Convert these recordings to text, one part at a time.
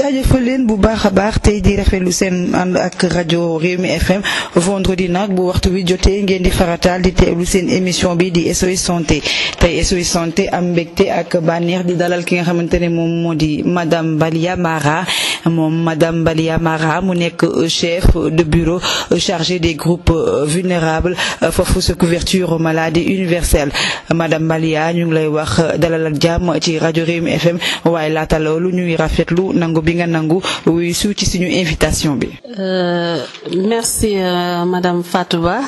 jaajëfal leen bu baax a baax tey di lu seen ànd ak rajo Rewmi FM vendredi nag bu waxtu wi jotee ngeen di farataal di teewlu seen émission bi di soy santé tey SOS santé am mbégte ak bànneex di dalal ki nga xamante ne moom moo di madame Balia Mara moom madame Balia Mara mu nekk chef de bureau chargé des groupe vulnérables foofu sa couverture maladie universelle madame Balia ñu ngi lay wax dalal ak jàmm ci rajo Rewmi FM waaye laata loolu ñuy rafetlu nangu bi nga nangu wuy su suñu invitation bi. Euh, merci euh, madame Fatou Ba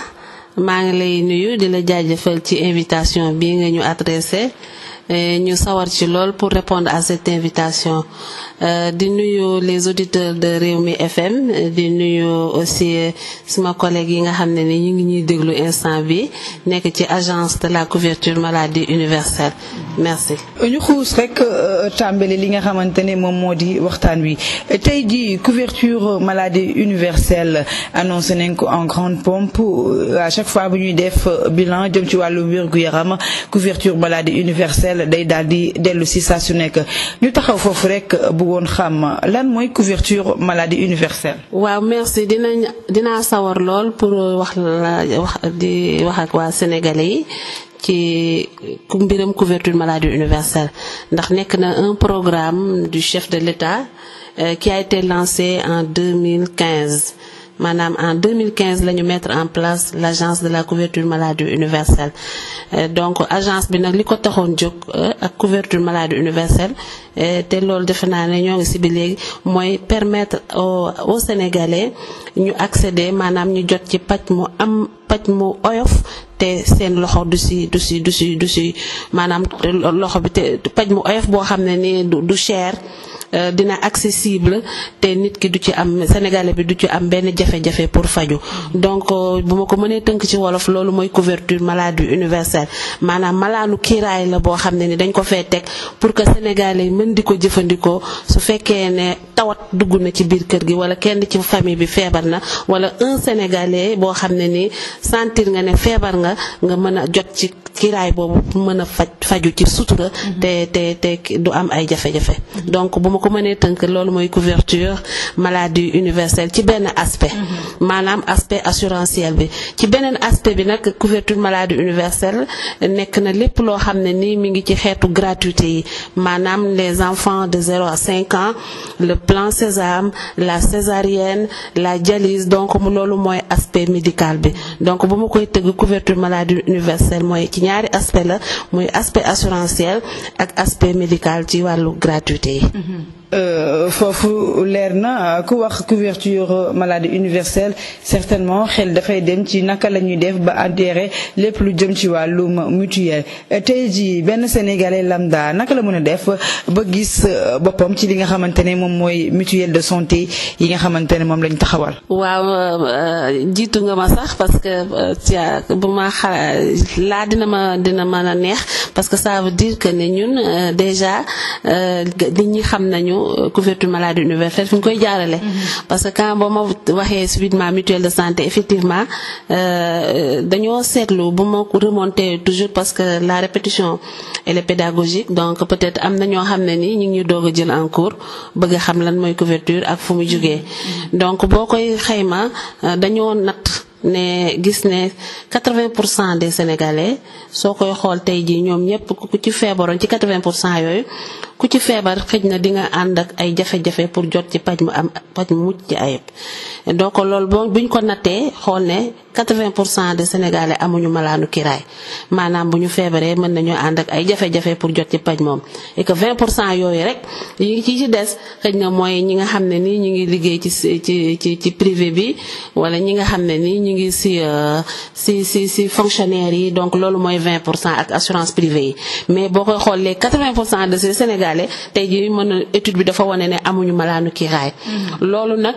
maa ngi lay nuyu di la jaajëfal ci invitation bi nga ñu adressé. ñu sawar ci lool pour répondre à cette invitation euh, di nuyu les auditeurs de réew mi FM di nuyu aussi suma collègue yi nga xam ne ni ñu ngi ñuy déglu instant bi nekk ci agence de la couverture maladie universelle merci. ñu xuus rek euh, tàmbali li nga xamante ne moom moo di waxtaan wi tey jii couverture maladie universelle annoncé nañ ko en grande pompe euh, à chaque fois bu ñuy def bilan jëm ci wàllu wér gu yaram couverture maladie universelle. xel day daal di dellu si saa su nekk ñu taxaw foofu rek bëggoon xam lan mooy couverture maladie universelle. waaw merci dinañ dina sawar lool pour wax la wax waa sénégalais yi. ci mbiram couverture maladie universelle ndax nekk na un programme du chef de l'État euh, qui a été lancé en maanaam en 2015 la ñu mettre en place l' agence de la couverture maladie universelle euh, donc agence bi nag li ko taxoon jóg euh, ak couverture maladie universelle euh, te loolu defe naa ne ñoo ngi si bi léegi mooy permettre aux Sénégalais ñu accéder maanaam ñu jot ci paj mu am paj mu oyof te seen loxo du si du si du si maanaam loxo bi te paj mu oyof boo xam ne nii du cher euh, dina accessible te nit ki du ci am sénégalais bi du ci am benn jafe-jafe pour faju donc euh, bu ma ko mënee tënk ci wolof loolu mooy couverture maladie universelle maanaam malaanu kiiraay la boo xam ne ni dañ ko fee teg pour que sénégalais mën di ko jëfandikoo su fekkee ne tawat dugg na ci biir kër gi wala kenn ci famille bi feebar na wala un sénégalais boo sentir nga ne feebar nga nga mën a jot ci kiiraay boobu mën a faj faju ci sutura mhm. te te te du am ay jafe-jafe mhm. donc bu ma ko mënee tënk loolu mooy couverture maladie universelle ci benn aspect mhm. maanaam aspect assurantiel bi ci beneen aspect bi nag couverture maladie universelle nekk na lépp loo xam ne nii mu ngi ci xeetu gratuité yi maanaam les enfants de zéro à cinq ans le plan Sésame la césarienne la dialyse donc loolu mooy aspect médical bi donc bu ma koy tëgg couverture maladie universelle mooy ci ñaari aspect la muy aspect assurantiel ak aspect médical ci wàllu gratuité yi mm-hmm. Euh, foofu leer na ku wax couverture maladie universelle certainement xel dafay dem ci naka la ñuy def ba adhéré lépp lu jëm ci wàllum mutuelle euh, tey ji benn sénégalais lambda naka la mën a def ba gis euh, boppam ci li nga xamante ne moom mooy mutuelle de santé yi nga xamante ne moom lañ taxawal. waaw jiitu nga ma sax parce bu ma laa dina ma dina mën a neex parce que ça veut dire que ne ñun déjà nit ñi xam nañu. Euh, couverture maladie universelle fi koy jaarale mm-hmm. parce que quand ba ma waxee subitement mutuel de santé effectivement euh, dañoo seetlu bu ma remonté toujours parce que la répétition elle est pédagogique donc peut-être am na ñoo xam ne ni ñu ngi ñu doog a jël en cours bëgg xam lan mooy couverture ak fu mu jógee mm-hmm. donc boo koy xayma euh, dañoo natt ne gis ne 80 pour cent des sénégalais soo koy xool tey jii ñoom ñëpp ci feebaroon ci 80 pour cent yooyu ku ci feebar xëj na di nga ànd ak ay jafe-jafe pour jot ci paj mu am paj mu mucc ci ayib donc loolu boo buñ ko nattee xool ne 80 pour cent de sénégalais amuñu malaanu kiraay maanaam bu ñu feebaree mën nañoo ànd ak ay jafe pour jot ci paj moom et que 20 pour cent yooyu rek yi ci ci des xëj na mooy ñi nga xam ne nii ñu ngi liggéey ci ci ci ci privé bi wala ñi nga xam ne nii ñu ngi si euh, si si si fonctionnaire yi donc loolu mooy 20 pour cent ak assurance privée yi mais boo koy xool les de ces indaale tey jii mën a étude bi dafa wane ne amuñu malaanu kiiraay mm-hmm. loolu nag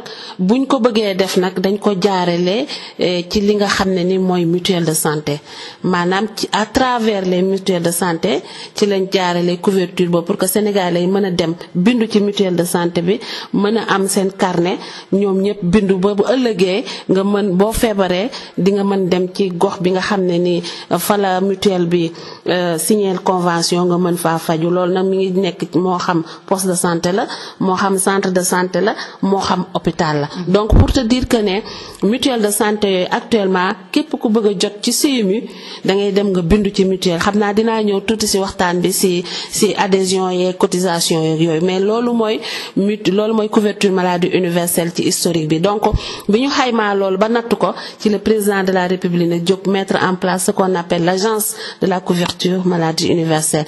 buñ ko bëggee def nag dañ ko jaarale eh, ci li nga xam ne ni mooy mutuelle de santé maanaam ci à travers les mutuelles de santé ci lañ jaarale couverture boobu pour que sénégalais yi mën a dem bindu ci mutuel de santé bi mën a am seen carnet ñoom ñëpp bindu ba bu ëllëgee nga mën boo feebaree di nga mën dem ci gox bi nga xam ne ni fala la mutuelle bi eh, signer convention nga mën faa faju loolu nag informatique moo xam poste de santé la moo xam centre de santé la moo xam hôpital la mm-hmm. donc pour te dire que ne mutuelle de santé yooyu actuellement képp ku bëgg jot ci CMU da ngay dem nga bindu ci mutuel xam naa dinaa ñëw tuuti si waxtaan bi si si adhésion yeeg cotisation yeeg yooyu mais loolu mooy mut loolu mooy couverture maladie universelle ci historique bi donc bi ñu xaymaa loolu ba natt ko ci le président de la république na jóg mettre en place ce qu'on appelle l'agence de la couverture maladie universelle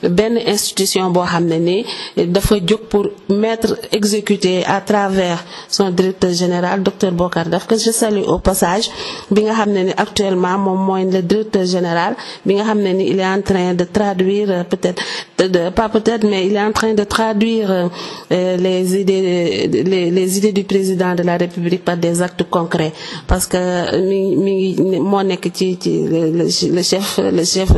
benn institution boo xam ne nii dafa jóg pour mettre exécuter à travers son directeur général docteur Bocar Daf que je salue au passage bi nga xam ne ni actuellement moom mooy le directeur général bi nga xam ne ni il est en train de traduire euh, peut-être de, pas peut-être mais il est en train de traduire euh, les idées euh, les, les idées du président de la République par des actes concrets parce que mi mi ngi moo nekk ci ci le chef le chef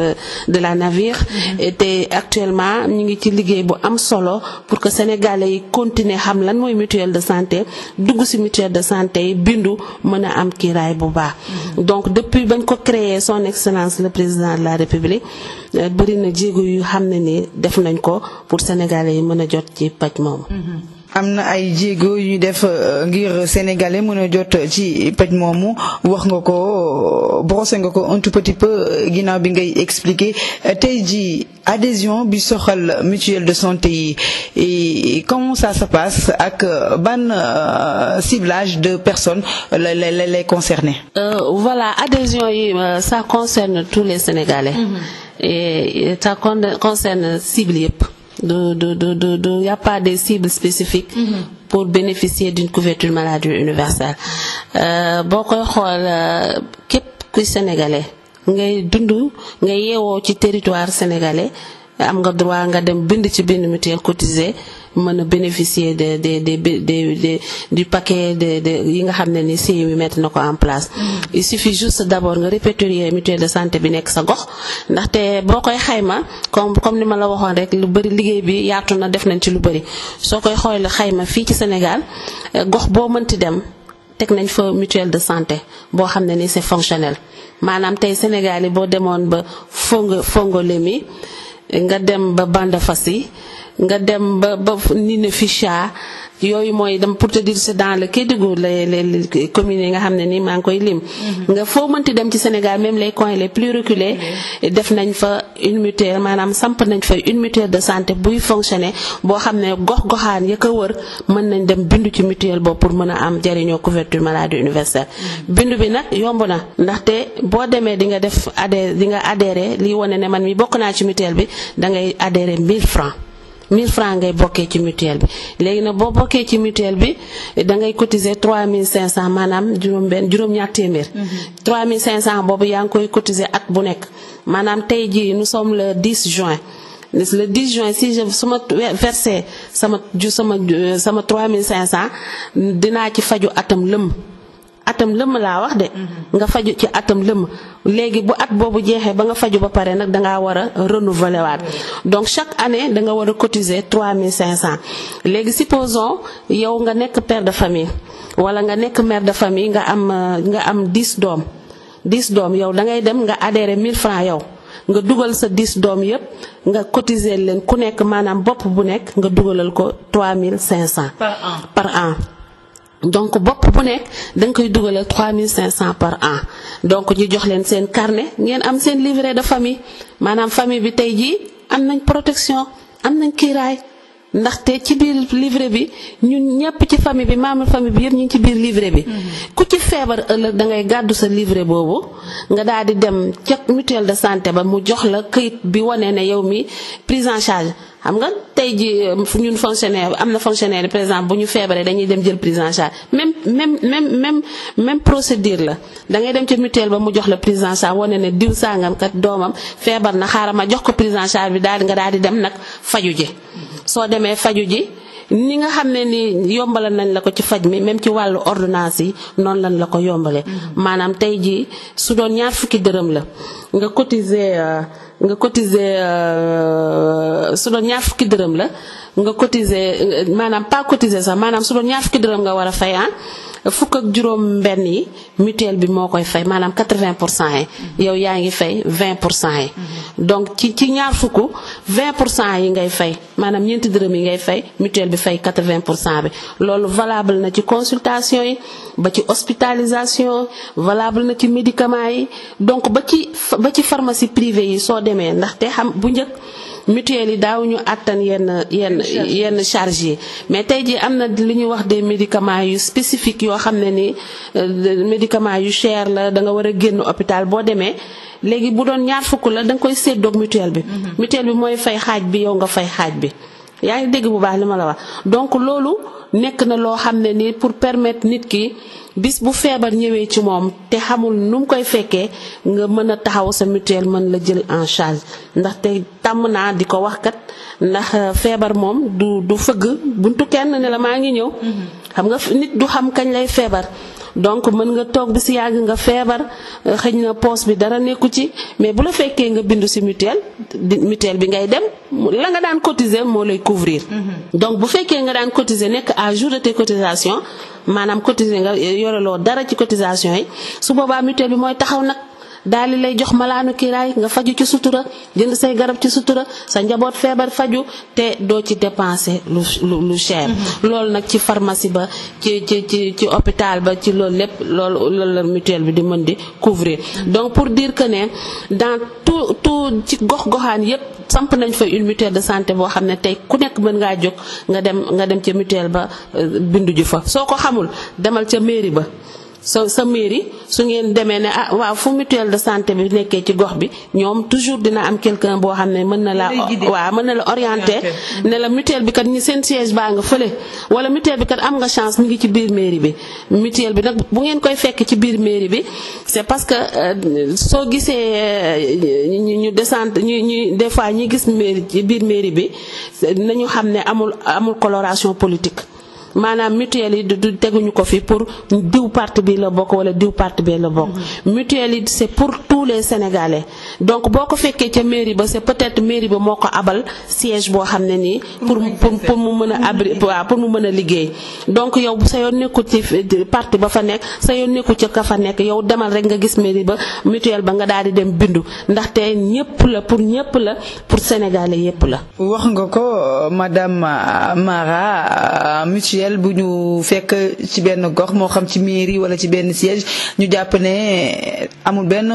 de la navire était mm-hmm. liggéey actuellement ñu ngi ci liggéey bu am solo pour que sénégalais yi continuer xam lan mooy mutuelle de santé dugg si mutuelle de santé yi bindu mën a am kiiraay bu baax. Mm-hmm. donc depuis bañ ko créer son excellence le président de la république euh, bëri na jéego yu xam ne ni def nañ ko pour sénégalais yi mën a jot ci paj moomu mm-hmm. am na ay jéego yu ñu def euh, ngir sénégalais mën a jot ci paj moomu wax nga ko brossé nga ko un tout petit peu euh, ginnaaw bi ngay expliquer tey ji adhésion bi soxal mutuelle de santé yi comment ça se passe ak euh, ban ciblage de personnes la la la lay voilà adhésion yi ça concerne tous les sénégalais. Mm-hmm. et ça concerne cible yëpp. de de de de de y a pas des cibles spécifiques. Mm -hmm. pour bénéficier d'une couverture maladie universelle euh, boo koy xool euh, képp kuy sénégalais ngay dund nga yewoo ci territoire sénégalais. am nga droit nga dem bind ci bind mutuelle cotisé mën a bénéficier de de de de du paquet de de yi nga xam ne ni si mi mettre na ko en place. Mm. il suffit juste d' abord nga répertorier mutuelle de santé bi nekk sa gox ndaxte boo koy xayma comme comme ni ma la waxoon rek lu bëri liggéey bi yaatu na def nañ ci lu bëri soo koy xool xayma fii ci Sénégal eh, gox boo mënti dem. teg nañ fa mutuel de santé boo xam ne ni c'est fonctionnel maanaam tey Sénégal boo demoon ba Fongo Fongolemi nga dem ba Bandafassi nga dem ba ba Nina Ficha yooyu mooy dem pour te dire c'est dans le Kédougou les les communes yi nga xam ne ni maa ngi koy lim. Mhm. nga foo mënti dem ci Sénégal même les coins les plus reculés mhm. def nañ fa une mutuelle maanaam samp nañ fa une mutuelle de santé buy fonctionner boo xam ne gox goxaan ya ko wër mën nañ dem bindu ci mutuelle boo pour mën a am jariñoo couverture maladie universelle. Mhm. bindu bi nag yomb na ndaxte boo demee di nga def adhéré di nga adhéré lii wane ne man mi bokk naa ci mutuelle bi da ngay adhéré 1000 francs. 1000 francs ngay bokkee ci mutuelle bi léegi nag boo bokkee ci mutuelle bi da ngay cotiser 3500 maanaam juróom-benn juróom-ñaar téeméer. 3500 mhm. boobu yaa ngi koy cotiser at bu nekk maanaam tey jii nous sommes le 10 juin. le 10 juin si je su ma versé sama ju sama euh, sama 3500 dinaa ci faju atam lëm. atam lëmm laa wax de mhm. nga faju ci atam lëmm léegi bu at boobu jeexee ba nga faju ba pare nag dangaa war a renouveler waat donc chaque année da nga war a cinq 3500 léegi supposons yow nga nekk père de famille wala nga nekk mère de famille nga am euh, nga am 10 doom 10 doom yow da ngay dem nga adhérer mille francs yow nga dugal sa 10 doom yëpp nga cotiser leen ku nekk maanaam bopp bu nekk nga dugalal ko 3500 par an par an donc bopp bu nekk da nga koy dugalal cent par an donc ñu jox leen seen carnet ngeen am seen livret de famille maanaam famille bi tey jii am nañ protection am nañ kiiraay ndaxte ci biir livret bi ñun ñëpp ci famille bi membre famille bi yëpp ñu ngi ci biir livret bi. Mm-hmm. ku ci feebar ëllëg da ngay gàddu sa livret boobu nga daal di dem ca mutuel de santé ba mu jox la këyit bi wane ne yow mi prise en charge. xam nga tey ji euh, ñun fonctionnaire am na fonctionnaire par exemple bu ñu feebaree dañuy dem jël prise en charge même même même même même procédure la dangay dem ci mutuel ba mu jox la prise en charge wane ne diw sàngam kat doomam feebar na xaaral ma jox ko prise bi daal di nga daal di dem nag faju ji soo demee faju ji ni nga xam ne ni yombalal nañ la ko ci faj mi même ci wàllu ordonnance yi noonu lañ la ko yombalee mm-hmm. maanaam tey jii su doon ñaar fukki dërëm la nga cotiser euh, nga cotiser euh, su doon ñaar fukki dërëm la nga cotiser maanaam pas cotiser sax maanaam su doon ñaar fukki dërëm nga war a fay ah. fukk ak juróom benn yi mutuelle bi moo koy fay maanaam quatre-vingts pour cent yi yow yaa ngi fay vingt pour cent yi donc ci ci ñaar fukk vingt pour cent yi ngay fay maanaam ñeenti dërëm yi ngay fay mutuel bi fay quatre vingt pour cent bi loolu valable na ci consultation yi ba ci hospitalisation valable na ci médicaments yi donc ndax te xam bu njëkk mutuelle yi daawuñu ñu àttan yenn yenn yenn charge yi mais tey jii am na li ñuy wax des médicament yu spécifiques yoo xam ne ni euh, médicaments yu chair la da nga war a génn hôpital boo demee léegi bu doon ñaar fukk la da koy séddoog mutuelle bi mhm. mutuel bi mooy fay xaaj bi yow nga fay xaaj bi yaa ngi dégg bu baax li ma la wax donc loolu nekk na loo xam ne nii pour permettre nit ki bis bu feebar ñëwee ci moom te xamul num koy fekkee nga mën a taxaw sa mutuelle mën la jël en charge ndaxte tàmm naa di ko wax kat ndax euh, feebar moom du du fëgg buntu kenn ne la maa ngi ñëw. Mm-hmm. xam nga nit du xam kañ lay feebar donc mën nga toog bi si yàgg nga feebar euh, xëñ na poos bi dara nekku ci mais bu la fekkee nga bindu si mutuelle mutuelle bi ngay dem la nga daan cotiser moo lay couvrir mm-hmm. donc bu fekkee nga daan cotiser nekk à jour te tes cotisations maanaam cotiser nga yoreloo dara ci cotisation yi su boobaa mutuelle bi mooy taxaw nag daal di lay jox malaanu kiraay nga faju ci sutura jënd say garab ci sutura sa njaboot feebar faju te doo ci dépensé lu lu cher mm-hmm. loolu nag ci pharmacie ba ci ci ci ci hôpital ba ci loolu lépp loolu loolu la mutuelle bi di mën di couvrir mm-hmm. donc pour diir que ne dans tout tout ci gox-goxaan yépp samp nañ fa une mutuelle de santé boo xam ne tey ku nekk mën ngaa jóg nga dem nga dem ca mutuelle ba euh, binduju fa soo ko xamul demal ca mairie ba sa sa mairie su ngeen demee ne ah waaw fu mutuelle de santé bi nekkee ci gox bi ñoom toujours dina am quelqu'un boo xam ne mën na la waaw mën na la orienté mm-hmm. ne la mutuel bi kat ñi seen siège baa nga fële wala mutuel bi kat am nga chance mi ngi ci biir mairie bi mutuelle bi nag bu ngeen koy fekk ci biir mairie bi c'est parce que euh, soo gisee euh, ñu descente ñu ñu des fois ñi gis mairie ci biir mairie bi nañu xam ne amul amul coloration politique maanaam mutuel yi du teguñu ko fi pour diw parti bi la bokk wala diw parti bi la bokk mm-hmm. mutuel yi c'est pour tous les sénégalais donc boo ko fekkee ca mairie ba c'est peut-être mairie ba moo ko abal siège boo xam ne nii pour pour pour mu mën a abri mm-hmm. waaw pour mu mën a liggéey donc yow sa yoon nekku ci parti ba fa nekk sa yoon nekku ca ka fa nekk yow demal rek nga gis mairie ba mutuelle ba nga daal di dem bindu ndaxte ñëpp la pour ñëpp la pour sénégalais yëpp la wax nga ko euh, madame euh, Mara euh, officiel bu ñu fekk ci benn gox moo xam ci mairie wala ci benn siège ñu jàpp ne amul benn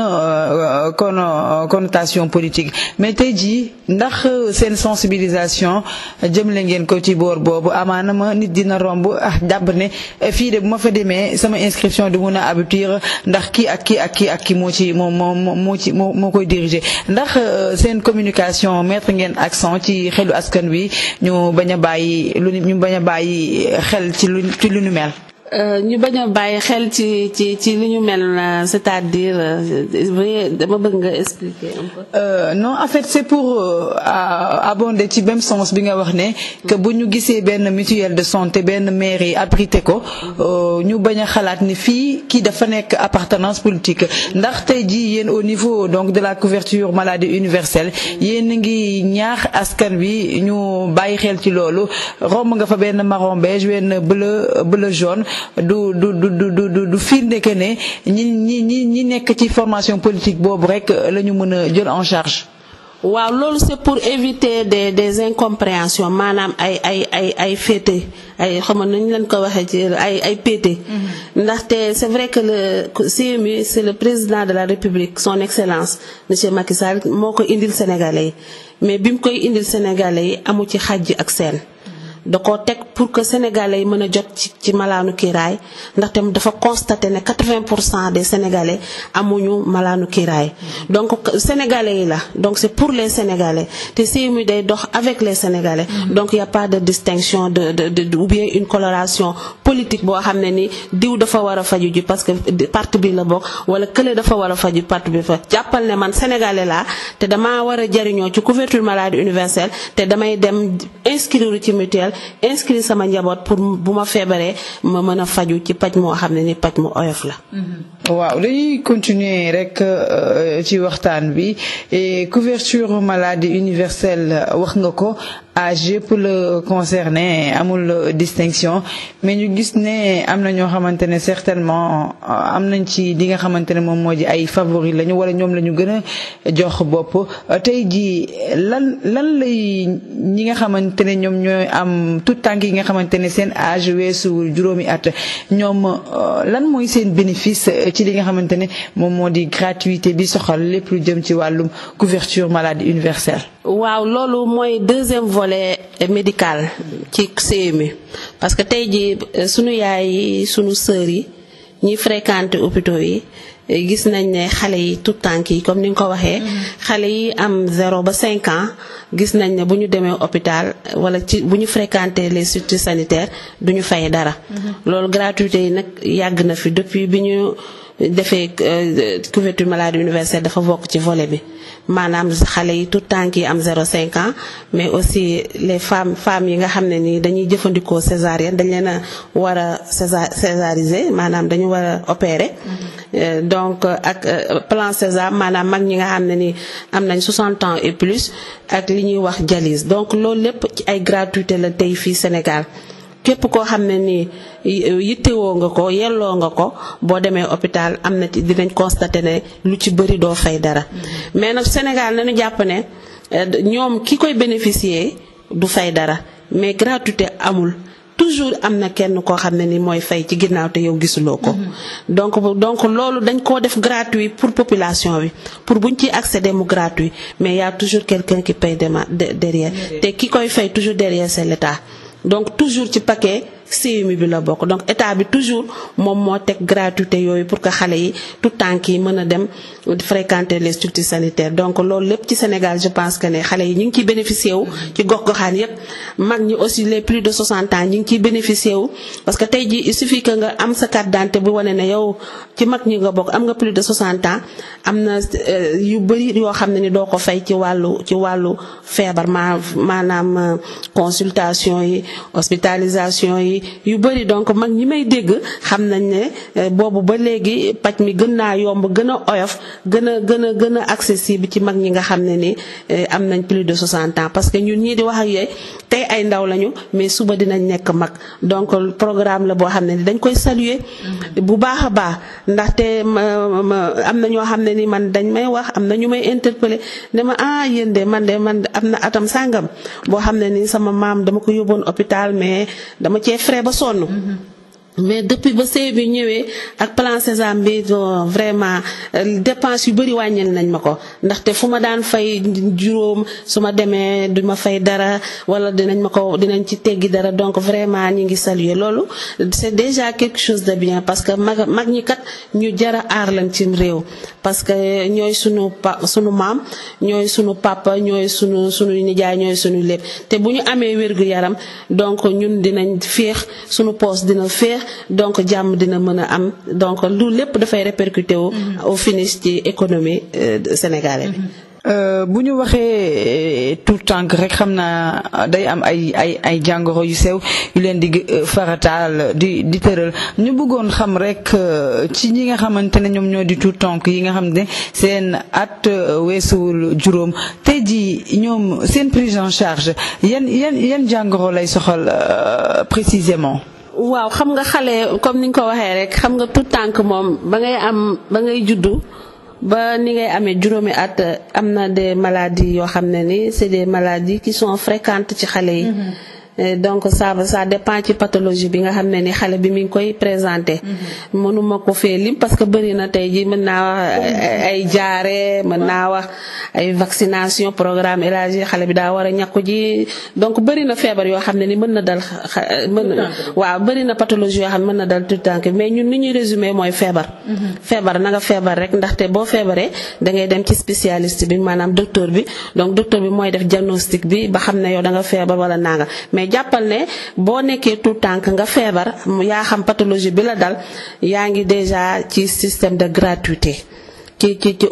kon euh, euh, connotation politique mais tey jii ndax seen sensibilisation jëmle ngeen ko ci boor boobu amaana ma nit dina romb ah jàpp ne fii de bu ma fa demee sama inscription du mun a aboutir ndax kii ak kii ak kii ak kii moo ci moo moo moo ci moo moo koy diriger ndax euh, seen communication mettre ngeen accent ci xelu askan wi ñu bañ bàyyi lu ñu bañ bàyyi xel ci lu ci lu nu mel. Euh, ñu bañ a bàyyi xel ci ci ci li ñu mel euh, cest euh, bëgg nga non en fait c'est pour abonder ci même sens bi nga wax ne. que bu ñu gisee benn mutuelle de santé benn mairie abrité ko. ñu bañ a xalaat ni fii kii dafa nekk appartenance politique ndax tey jii yéen au niveau donc de la couverture maladie universelle yéen ngi ñaax askan wi ñu bàyyi xel ci loolu romb nga fa benn marron beige benn bleu bleu jaune. du du du du du firnde que ne ñi ñi ñi ñi nekk ci formation politique boobu rek la ñu mën a jël en charge. waaw loolu c'est pour éviter des des incompréhensions maanaam ay ay ay ay féete ay xam nañu leen ko waxee ci ay ay péete mm-hmm. ndaxte c'est vrai que le CMU c'est le président de la République son excellence monsieur Macky Sall moo ko indil Sénégalais yi mais bi mu koy indil Sénégalais yi amu ci xàjj ak seen. da ko teg pour que sénégalais yi mën a jot ci malaanu kiiraay ndaxte dafa constaté ne 80 pour cent des sénégalais amuñu malaanu kiiraay donc sénégalais yi la donc c' pour les sénégalais te CMU day dox avec les sénégalais. Mm-hmm. donc y' a pas de distinction de de de ou bien une coloration politique boo xam ne ni diw dafa war a faju ji parce que parti bi la bokk wala kële dafa war a faju parti bi fa jàppal ne man sénégalais laa te dama war a jariñoo ci couverture maladie universelle te damay dem inscrire ci mutuelle inscrire sama njaboot pour bu ma feebaree ma mën a faju ci paj moo xam ne ni paj mu oyof la. waaw dañuy continuer rek euh, ci waxtaan bi couverture maladie universelle wax nga ko âge yëpp la concerné amul distinction mais ñu gis ne am na ñoo xamante ne certainement euh, am nañ ci li nga xamante ne moom moo ji ay favori lañu wala ñoom la ñu gën a jox bopp tey ji lan lan lay ñi nga xamante ne ñoom ñooy am maanaam tout tànk yi nga xamante ne seen âge weesuwul juróomi at ñoom euh, lan mooy seen bénéfice euh, ci li nga xamante ne moom moo di gratuité bi soxal lépp lu jëm ci wàllum couverture maladie universelle. waaw loolu mooy deuxième volet médical ci CMU parce que tey jii euh, suñu yaay yi sunu sœur yi ñi fréquenté hôpitaux yi. gis nañ ne xale yi tout tànk yi comme ni nga ko waxee. Mm-hmm. xale yi am zéro ba cinq ans. gis nañ ne bu ñu demee hôpital wala ci bu ñu fréquenter les structures sanitaires du ñu fay dara. Mm-hmm. loolu gratuité yi nag yàgg na fi depuis bi ñu defee euh, couverture maladie universelle dafa bokk ci volet bi maanaam xale yi tout temps yi am cinq ans mais aussi les femmes femmes yi nga xam ne nii dañuy jëfandikoo césarienne dañ leen a war a césariser maanaam dañu war a opérer. Euh, donc ak euh, plan Sésame maanaam mag ñi nga xam ne ni am nañ 60 ans et plus ak li ñuy wax dialyse donc loolu lépp ci ay gratuité la tey fii Sénégal. képp koo xam ne nii yittewoo nga ko yelloo nga ko boo demee hôpital am na ci dinañ constaté ne lu ci bëri doo fay dara mais nag Sénégal nañu jàpp ne eh, ñoom ki koy bénéficier du fay dara mais gratuité amul toujours am na kenn koo xam ne ni mooy fay ci ginnaaw te yow gisuloo ko mm-hmm. donc donc loolu dañ koo def gratuit pour population bi pour buñ ciy accéder mu gratuit mais y a toujours quelqu'un qui paye derrière te ki koy fay toujours derrière c'est l'État donc toujours ci paquet CMU bi la bokk donc état bi toujours moom moo teg gratuité yooyu pour que xale yi tout tànk yi mën a dem fréquenter les structures sanitaire donc loolu lépp ci Sénégal je pense que ne xale yi ñu ngi ciy bénéficier wu ci gox-goxaan yépp mag ñi aussi les plus de 60 ans ñu ngi ciy bénéficier wu parce que tey jii il suffit que nga am sa carte d'identité bu wane ne yow ci mag ñi nga bokk am nga plus de 60 ans am na euh, yu bëri yoo xam ne ni doo ko fay ci wàllu ci wàllu feebar maa maanaam euh, consultation yi mi yu bëri donc mag ñi may dégg xam nañ ne euh, boobu ba léegi paj mi gën naa yomb gën a oyof gën a gën a gën a accessible ci mag ñi nga xam ne ni euh, am nañ plus de 60 ans parce que ñun ñii di wax ak yooyu tey ay ndaw lañu mais suba dinañ nekk mag donc programme la boo xam ne ni dañ koy saluer mm-hmm. bu baax a baax ndaxte am na ñoo xam ne ni man dañ may wax am na ñu may interpeller ne ma ah yéen de man de man am na atam sàngam boo xam ne ni sama maam dama ko yóbboon hôpital mais dama cee frais ba sonn mm-hmm. mais depuis ba sëy bi ñëwee ak plan Sésame bi vraiment dépense yu bëri wàññil nañ ma ko ndaxte fu ma daan fay juróom su ma demee du ma fay dara wala dinañ ma ko dinañ ci teggi dara donc vraiment ñi ngi saluer loolu c'est déjà quelque chose de bien parce que mag mag ñi kat ñu jara aar lañ ci réew parce que ñooy sunu pa sunu maam ñooy sunu papa ñooy sunu sunu nijaay ñooy sunu lépp te bu ñu amee wér gu yaram donc ñun dinañ féex sunu poos dina féex donc jàmm dina mën a am donc lu lépp dafay répercuté wu. au finish ci économie euh, sénégalaise bi. Euh, bu ñu waxee euh, tout tànk rek xam naa day am ay ay ay jàngoro yu sew yu leen di farataal di di tëral ñu bëggoon xam rek ci ñi nga xamante ne ñoom ñoo di tout tànk yi nga xam ne seen at weesuwul juróom tey jii ñoom seen prise en charge yan yan jàngoro lay soxal précisément. waaw xam nga xale comme ni nga ko waxee rek xam nga tout tànk moom ba ngay am ba ngay juddu ba ni ngay amee juróomi at am na des maladies yoo xam ne ni c'est des maladies qui son fréquentes ci xale yi. Mm-hmm. Euh, donc ça va ça dépend ci pathologie bi nga xam ne ni xale bi mi ngi koy présenté mm-hmm. mënuma ko fee lim parce que bëri na tey ji mën naa wax mm-hmm. ay jaare mën naa wax ay vaccination programme élargi xale bi daa war a ñàkku ji donc bëri na feebar yoo xam ne ni mën na dal mën waaw bëri na pathologie yoo xam mën na dal tout temps mais ñun ni ñuy résumé mooy feebar mm-hmm. feebar na nga feebar rek ndaxte boo feebaree da ngay dem ci spécialiste bi maanaam docteur bi donc docteur bi mooy def diagnostic bi ba xam ne yow da jàppale ne boo nekkee tout tànk nga feebar yaa xam pathologie bi la dal yaa ngi déjà ci système de gratuité ci ci ci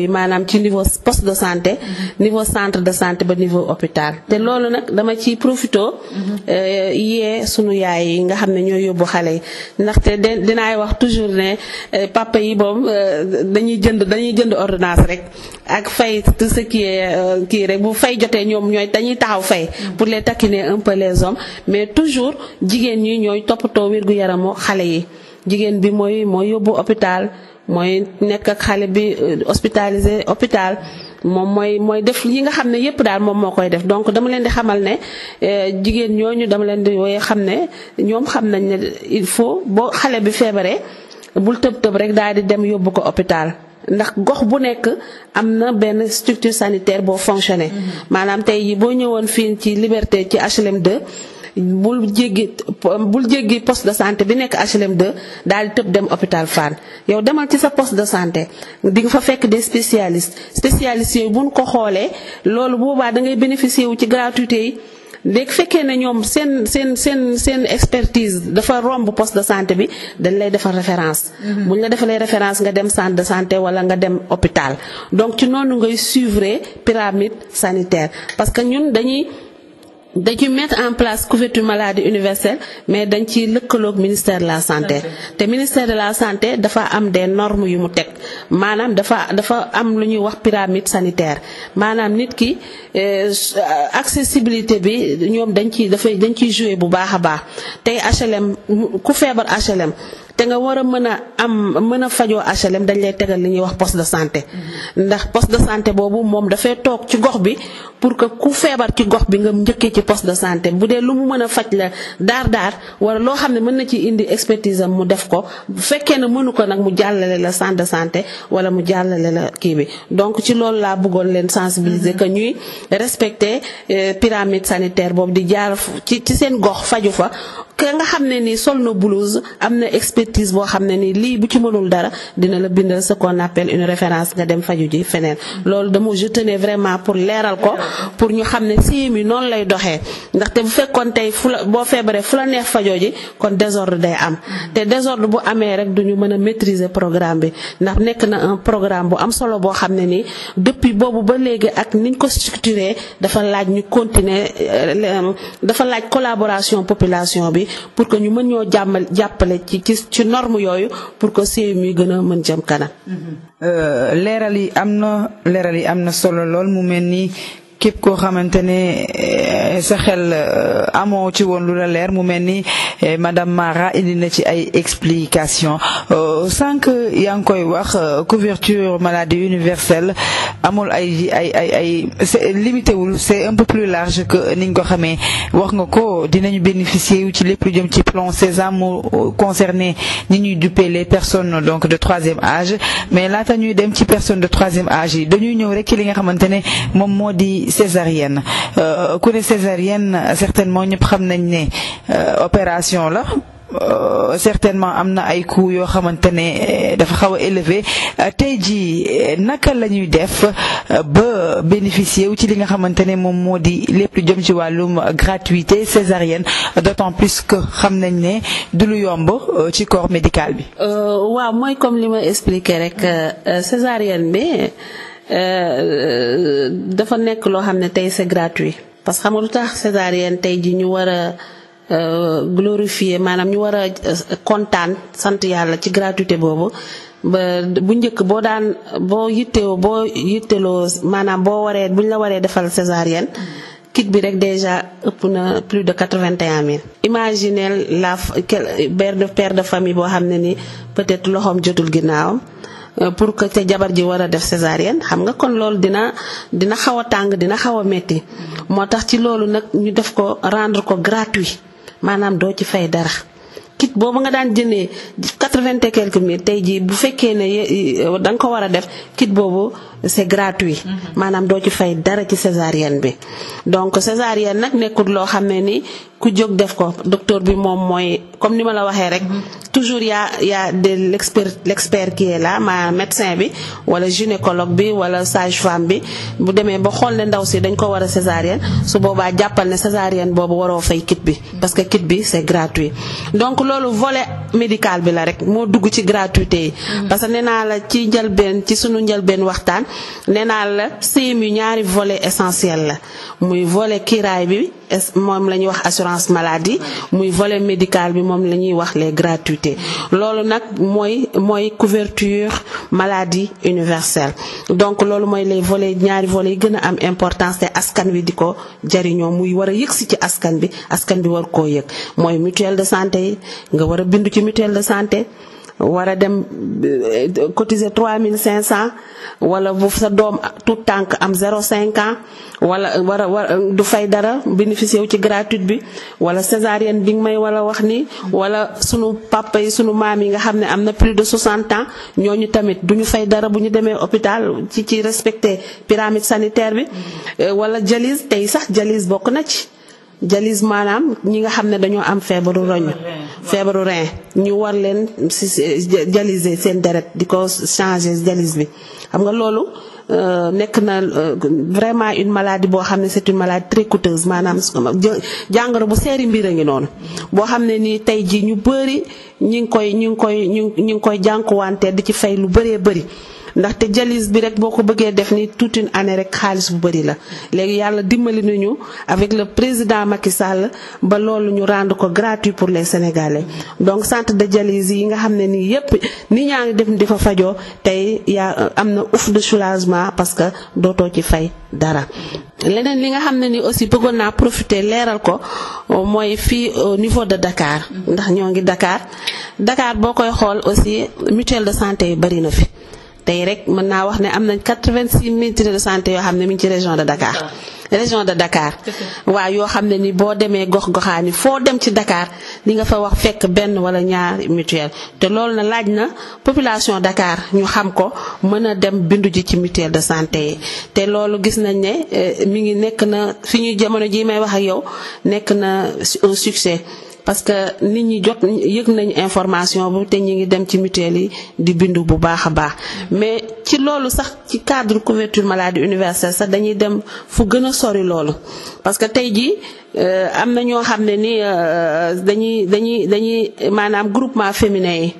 yi maanaam ci niveau poste de santé niveau centre de santé ba niveau hôpital te loolu nag dama ci profité euh, yee sunu yaay yi nga xam ne ñoo yóbbu xale yi ndaxte dinaay wax toujours ne euh, papa yi moom euh, dañuy jënd dañuy jënd ordonnance rek ak fay tout ce kii rek bu fay jotee ñoom ñooy dañuy taxaw fay pour les taquiner un peu les hommes mais toujours jigéen ñi ñooy toppatoo wér gu yaramu xale yi jigéen bi mooy mooy yóbbu hôpital mooy nekk ak xale bi euh, hospitalisé hôpital moom mooy mooy def yi nga xam ne yépp daal moom moo koy def donc dama leen di xamal ne euh, jigéen ñooñu dama leen di wooye xam ne ñoom xam nañ ne il faut boo xale bi feebaree bul tëb tëb rek daal di dem yóbbu ko hôpital ndax gox bu nekk am na benn structure sanitaire boo fonctionné mm-hmm. maanaam tey yi boo ñëwoon fii ci Liberté ci HLM 2 bul jéggi bul jéggi poste de santé bi nekk HLM de daal di tëb dem hôpital Fann yow demal ci sa poste de santé di nga fa fekk des spécialistes spécialistes yooyu buñ ko xoolee loolu boobaa dangay ngay wu ci gratuité yi léegi fekkee ne ñoom seen seen seen seen expertise dafa romb poste de santé bi dañ lay defal référence. Mhm. bu ñu la defalee référence nga dem centre de santé wala nga dem hôpital donc ci noonu ngay suivre pyramide sanitaire parce ñun dañuy. dañuy mettre en place couverture maladie universelle mais dañ ciy lëkkaloog ministère de la santé te ministère de la santé dafa am de normes yu mu teg maanaam dafa dafa am lu ñuy wax pyramide sanitaire maanaam nit ki euh, accessibilité bi ñoom dañ ci dafay dañ ciy jouer bu baax a baax tey HLM ku feebar HLM te nga war a mën a am mën a fajoo HLM dañ lay tegal li ñuy wax poste de santé ndax poste de santé boobu moom dafay toog ci gox bi pour que ku feebar ci gox bi nga njëkkee ci poste de santé bu dee lu mu mën a faj la daar daar wala loo xam ne mën na ci indi expertise mu def ko bu fekkee ne mënu ko nag mu jàllale la centre de santé wala mu jàllale la kii bi donc ci loolu laa bëggoon leen sensibiliser que ñuy respecter euh, pyramide sanitaire boobu di jaar ci ci seen gox faju fa ka nga xam ne ni sol na blouse am na expérience expertise boo xam ne ni lii bu ci mënul dara dina la bindal ce qu'on appelle une référence nga dem faju ji feneen loolu dama je tenais vraiment pour leeral ko pour ñu xam ne siim yi noonu lay doxee ndaxte bu fekkoon tey fu la boo feebaree fu la neex fajoo ji kon désordre day am te désordre bu amee rek duñu mën a maîtriser programme bi ndax nekk na un programme bu am solo boo xam ne nii depuis boobu ba léegi ak niñ ko structuré dafa laaj ñu contine euh, dafa laaj collaboration ci norme yooyu pour que CMU gën a mën jëm kanam. Mm-hmm. Euh, leeral yi am na leeral yi am na solo lool mu mel ni képp koo xamante ne eh, sa xel eh, amoo ci woon lu la leer mu mel ni eh, madame Mara indi na ci ay explication euh, sànq yaa ngi koy wax euh, couverture maladie universelle amul ay ay ay ay c'est limité wul c'est un peu plus large que niñ ko xamee wax nga ko dinañu bénéficier wu ci lépp lu jëm ci plan Sésame mu concerner ni ñuy duppee les personnes donc de troisième âge mais laata ñuy dem ci personne de troisième âge yi dañuy ñëw rek ci li nga xamante ne moom moo di césarienne euh, ku ne césarienne certainement ñëpp xam nañ ne euh, opération la euh, certainement am na ay coûts yoo xamante ne dafa xaw a élevé tey jii naka la ñuy def ba bénéficier wu ci li nga xamante ne moom moo di lépp lu jëm ci wàllum gratuité césarienne d'autant plus que xam nañ ne du lu yomb ci corps médical bi. waaw mooy comme li ma expliqué rek césarienne bi. Euh, dafa nekk loo xam ne tey c'est gratuit parce que xam tax césarienne tey ji ñu war a euh, glorifier maanaam ñu war a euh, kontaan sant yàlla ci gratuité boobu ba bu njëkk boo daan boo yittewoo boo yitteloo maanaam boo waree buñ la waree defal césarienne kit bi rek déjà ëpp na plus de quatre-vingt-un mille. imaginez la père de père de famille boo xam ne ni peut-être loxoom jotul ginnaawam. Euh, pour que te jabar ji war a def césarienne xam nga kon loolu dina dina xaw a tàng dina xaw a métti moo tax ci loolu nag ñu def ko rendre ko gratuit maanaam doo ci fay dara kit boobu nga daan jëndee quatre-vingt et quelque mille tey jii bu fekkee ne euh, da nga ko war a def kit boobu c'est gratuit. Mm-hmm. maanaam doo ci fay dara ci césarienne bi donc césarienne nag nekkul loo xam ne ni ku jóg def ko docteur bi moom mooy comme ni ma la waxee rek. Mm-hmm. toujours yaa yaa de l'expert l'expert qui est ma médecin bi wala gynécologue bi wala sage-femme bi bu demee ba xool ne ndaw si dañ ko war a césarienne su boobaa jàppal ne césarienne boobu waroo fay kit bi parce que kit bi c'est gratuit donc loolu volet médical bi la rek moo dugg ci gratuité yi. Mm-hmm. parce que nee naa ci sunu njëlbeen waxtaan nee naa la CIM yu ñaari volet essentiel la muy volet kiiraay bi moom la ñuy wax assurance maladie muy vole médical bi moom la ñuy wax les gratuité loolu nag mooy mooy couverture maladie universelle donc loolu mooy les volets ñaari volets yi gën a am importance te askan wi di ko jariñoo muy war a yëgsi ci askan bi askan bi war koo yëg mooy mutuelle de santé yi nga war a bindu ci mutuelle de santé war a dem euh, cotiser trois mille cinq cent wala bu sa doom tout tànk am zéro cinq ans wala war a war du fay dara bénéficier wu ci gratuite bi wala césarienne bi nga may wala wax ni wala sunu papa yi sunu maam yi nga xam ne am na plus de soixante ans ñooñu tamit du ñu fay dara bu ñu demee hôpital ci ci respecté pyramide sanitaire bi euh, wala dialyse tey sax dialyse bokk na ci jalis maanaam ñi nga xam ne dañoo am feebaru roñ feebaru rein ñu war leen si jaliser seen deret di ko changer jalis bi xam nga loolu euh, nekk na euh, vraiment une maladie boo xam ne c'est une maladie très coûteuse maanaam jàngoro bu seeri mbir a ngi noonu boo xam ne nii tey ji ñu bëri ñi ngi koy ñi ngi koy ñu ngi koy jànkuwante di ci fay lu bëree bëri ndaxte dialyse bi rek boo ko bëggee def ni toute une année rek xaalis bu bëri la léegi yàlla dimbali nañu avec le président Macky Sall ba loolu ñu rendre ko gratuit pour les Sénégalais donc centre de dialyse yi nga xam ne nii yépp ni ñaa ngi def di fa fajoo tey yaa euh, am na ouf de soulagement parce que dootoo ci fay dara leneen li nga xam ne ni aussi bëggoon naa profité leeral ko euh, mooy fii au niveau de Dakar ndax ñoo ngi Dakar Dakar boo koy xool aussi mutuel de santé yi bari na fi tey rek mën naa wax ne am nañ quatre-vingt-six mille de santé yoo xam ne mi ngi ci région de Dakar. région de Dakar. waa yoo xam ne ni boo demee gox goxaani foo dem ci dakaar li nga fa wax fekk benn wala ñaar mutuelle te loolu na laaj na population Dakar ñu xam ko mën a dem bindu ji ci mutuelle de santé yi te loolu gis nañ ne eh, mi ngi nekk na fi ñuy jamono jii may wax ak yow nekk na un succès. parce que nit ñi jot yëg nañ information bu te ñi ngi dem ci mutuel yi di bindu bu baax a baax mais ci loolu sax ci cadre couverture maladie universelle sax dañuy dem fu gën a sori loolu parce que tey jii euh, am na ñoo xam ne ni euh, dañuy dañuy dañuy maanaam groupement féminin yi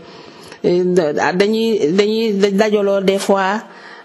euh, dañuy dañuy dajaloo des fois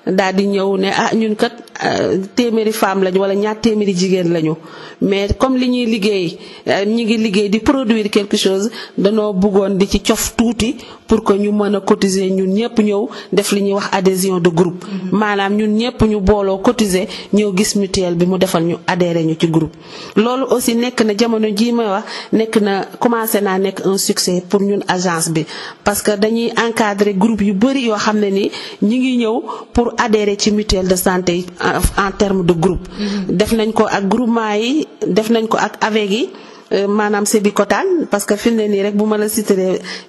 daal di ñëw ne ah ñun kat Euh, téeméeri femme lañu wala ñaar téeméeri jigéen lañu mais comme li ñuy liggéey euh, ñi ngi liggéey di produire quelque chose danoo bëggoon di ci cof tuuti pour que ñu mën a cotiser ñun ñëpp ñëw def li ñuy wax adhésion de groupe. Mhm. maanaam ñun ñëpp ñu booloo cotiser ñëw gis mutuelle bi mu defal ñu adhéré ñu ci groupe. loolu aussi nekk na jamono jii may wax nekk na commencé naa nekk un succès pour ñun agence bi parce que dañuy encadrer groupe yu bëri yoo xam ne ni ñi ngi ñëw pour adhérer ci mutuelle de santé en terme de groupe def nañ ko ak groupement yi def nañ ko ak avec yi euh, maanaam Sébikotane parce que fi ne nii rek bu ma la citer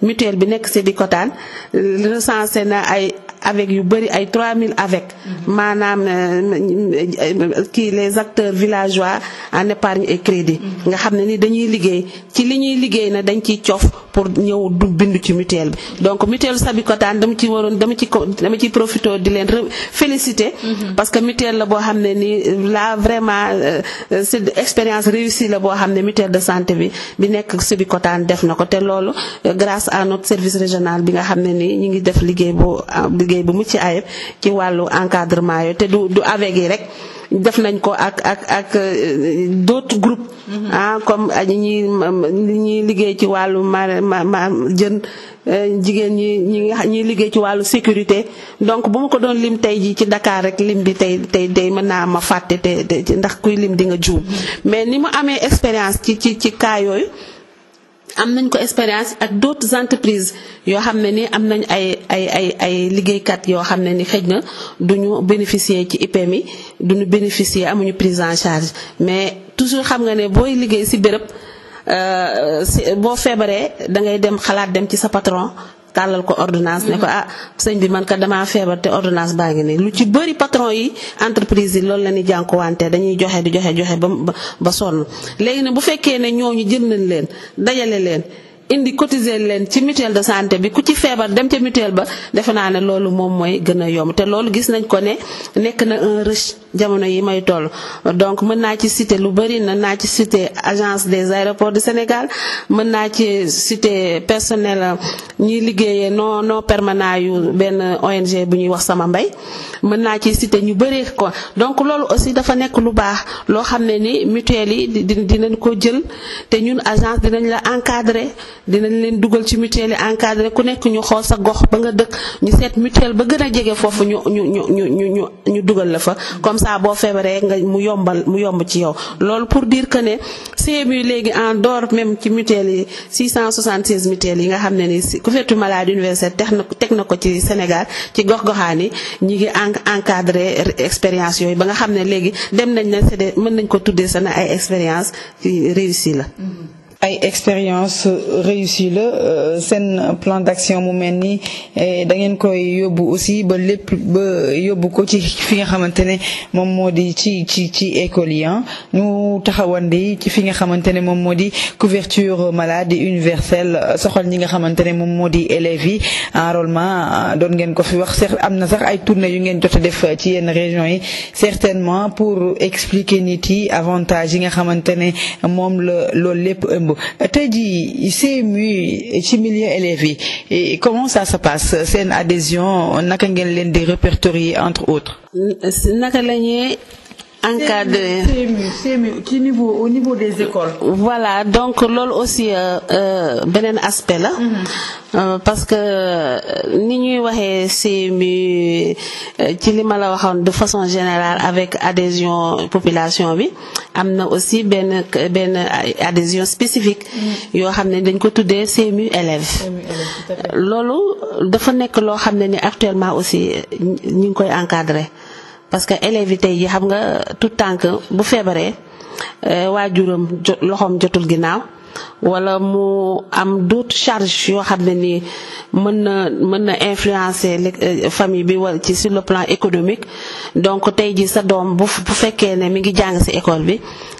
mutuelle bi nekk Sébikotane euh, recensé na ay avec yu bëri ay mille avec mhm. maanaam euh, kii les acteurs villageois en épargne et crédit mhm. nga xam ne ni dañuy liggéey ci li ñuy liggéey na dañ ciy cof pour ñëw du bindu ci mutuelle bi donc mutuelle Sébikotane dama ci waroon dama ci ko dama ci profité di leen félicité mhm. parce que mutuelle la boo xam ne nii la vraiment euh, euh, c'est expérience réussi la boo xam ne mutuelle de santé bi bi nekk Sébikotane def na ko te loolu euh, grace à notre service régional bi nga xam ne nii ñu ngi def liggéey boo liggéey bu mucc ayib ci wàllu encadrement yoo te du du avec yi rek def nañ ko ak ak ak euh, d' autres groupes. Mm-hmm. ah comme ñi ñuy ñuy liggéey ci wàllu ma ma jën euh, jigéen ñi ñi nga ñuy liggéey ci wàllu sécurité donc bu ma ko doon lim tey jii ci ndakaar rek lim bi tey tey tey mën naa ma fàtte te ndax kuy lim di nga juum mm-hmm. mais ni mu amee expérience ci ci ci cas yooyu. am nañ ko expérience ak d'autres entreprises yoo xam ne ni am nañ ay ay ay ay liggéeykat yoo xam ne ni xëj na duñu bénéficier ci IPM yi duñu bénéficier amuñu prise en charge mais toujours xam nga ne booy liggéey si béréb si euh, boo feebaree da ngay dem xalaat dem ci sa patron tàllal ko ordonnance ne ko ah sëñ bi man ka damaa feebar te ordonnance baa ngi ne lu ci bëri patron yi entreprise yi loolu la ñuy jànkuwante dañuy joxe di joxe joxe ba ba sonn léegi ne bu fekkee ne ñooñu jël nañ leen dajale leen indi cotiser leen ci mutuel de santé bi ku ci feebar dem ca mutuelle ba defe naa ne loolu moom mooy gën a yomb te loolu gis nañ ko ne nekk na un riche jamono yi may toll donc mën naa ci citer lu bëri mën naa ci cité agence des aéroports du Sénégal mën naa ci citer personnel ñuy liggéeyee noo non permanent yu benn ONG bu ñuy wax sama mbay mën naa ci cité ñu bëri ko donc loolu aussi dafa nekk lu baax loo xam ne ni mutuelle yi dinañ ko jël te ñun agence dinañ la encadrer dinañ leen dugal ci mutuelle yi encadré ku nekk ñu xool sa gox ba nga dëkk ñu seet mutuelle ba gën a jege foofu ñu ñu ñu ñu ñu ñu dugal la fa comme ça boo feebaree nga mu yombal mu yomb ci yow loolu pour diir que ne CMU léegi en dehors même ci mutuelle yi 676 mutuelle yi nga xam ne ni couverture maladie universelle teg na teg na ko ci Sénégal ci gox-goxaan yi ñi ngi encadré expérience yooyu ba nga xam ne léegi dem nañ na mën nañ ko tuddee sana ay expérience réussie la mm-hmm. ay expérience réussie la euh, seen plan d'action mu mel ni da ngeen koy yóbbu aussi ba lépp ba yóbbu ko ci fi nga xamante ne moom moo di ci ci ci école yi ah. ñu taxawandi ci fi nga xamante ne moom moo di couverture maladie universelle soxal ñi nga xamante ne moom moo di élèves yi enrôlement ah, doon ngeen ko fi wax sax am na sax ay tournée yu ngeen jot a def ci yenn régions yi certainement pour expliquer nit yi avantages yi nga xamante ne moom la loolu lépp Samb euh, tey jii CMU ci milieu élèves yi comment ça se passe seen adhésion naka ngeen leen di répertorier entre autres. naka lañuy encadré ci niveau au niveau des écoles. voilà donc loolu aussi euh, euh, beneen aspect la. Mhm. Euh, parce que ni ñuy waxee CMU ci li ma la waxoon de façon générale avec adhésion population bi am na aussi benn benn adhésion spécifique. Mhm. yoo xam ne dañ ko tuddee CMU élèves. loolu dafa nekk loo xam ne ni actuellement aussi ñu ngi koy encadré. parce que élèves yi xam nga tout temps que bu feebaree euh, waajuram loxoom jotul ginnaaw wala mu am d'autres charge yoo xam ne nii mën na mën na influencer euh, famille bi wala ci si le plan économique donc tey jii sa doom bu bu fekkee ne mi ngi jàng ci école bi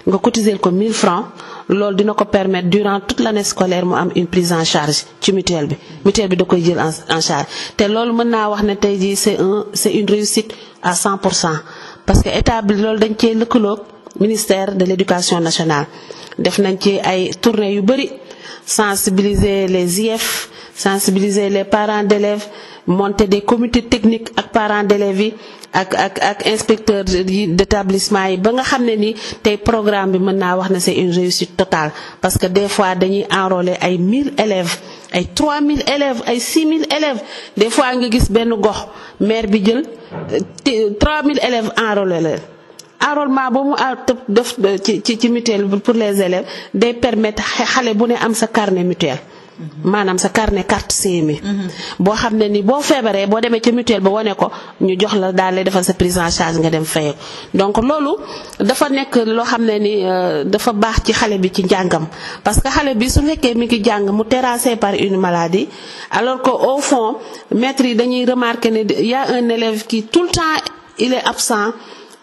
nga cotiser ko mille francs loolu dina ko permettre durant toute l'année scolaire mu am une prise en charge ci mutuelle bi mutuel bi da koy jël en charge te loolu mën naa wax ne tey jii c'est un c'est une réussite à cent pour cent parce que état bi loolu dañ cee lëkkaloog ministère de l'éducation nationale def nañ ci ay tournée yu bëri sensibiliser les IEF sensibiliser les parents d'élèves monter des comités techniques ak parents d'élèves yi ak ak ak inspecteur yi d'établissement yi ba nga xam ne ni tey programme bi mën naa wax na c'est une réussite totale parce que des fois dañuy enrôler ay 1000 élèves ay mille élèves ay mille élèves des fois nga gis benn gox maire bi jël 3000 euh, élèves enrôler leen enrôlement boo mu def euh, ci ci ci mutuelle bi pour les élèves day permettre xale bu ne am sa carnet mutuel maanaam sa carnet carte CMU. Mhm. boo xam ne ni boo feebaree boo demee ca mutuel ba wane ko ñu jox la daal lay defal sa prise en charge nga dem fayoo donc loolu dafa nekk loo xam ne ni euh, dafa baax ci xale bi ci njàngam parce que xale bi su nekkee mi ngi jàng mu terrassé par une maladie alors que au fond maître yi dañuy remarquer ne y a un élève qui tout le temps il est absent.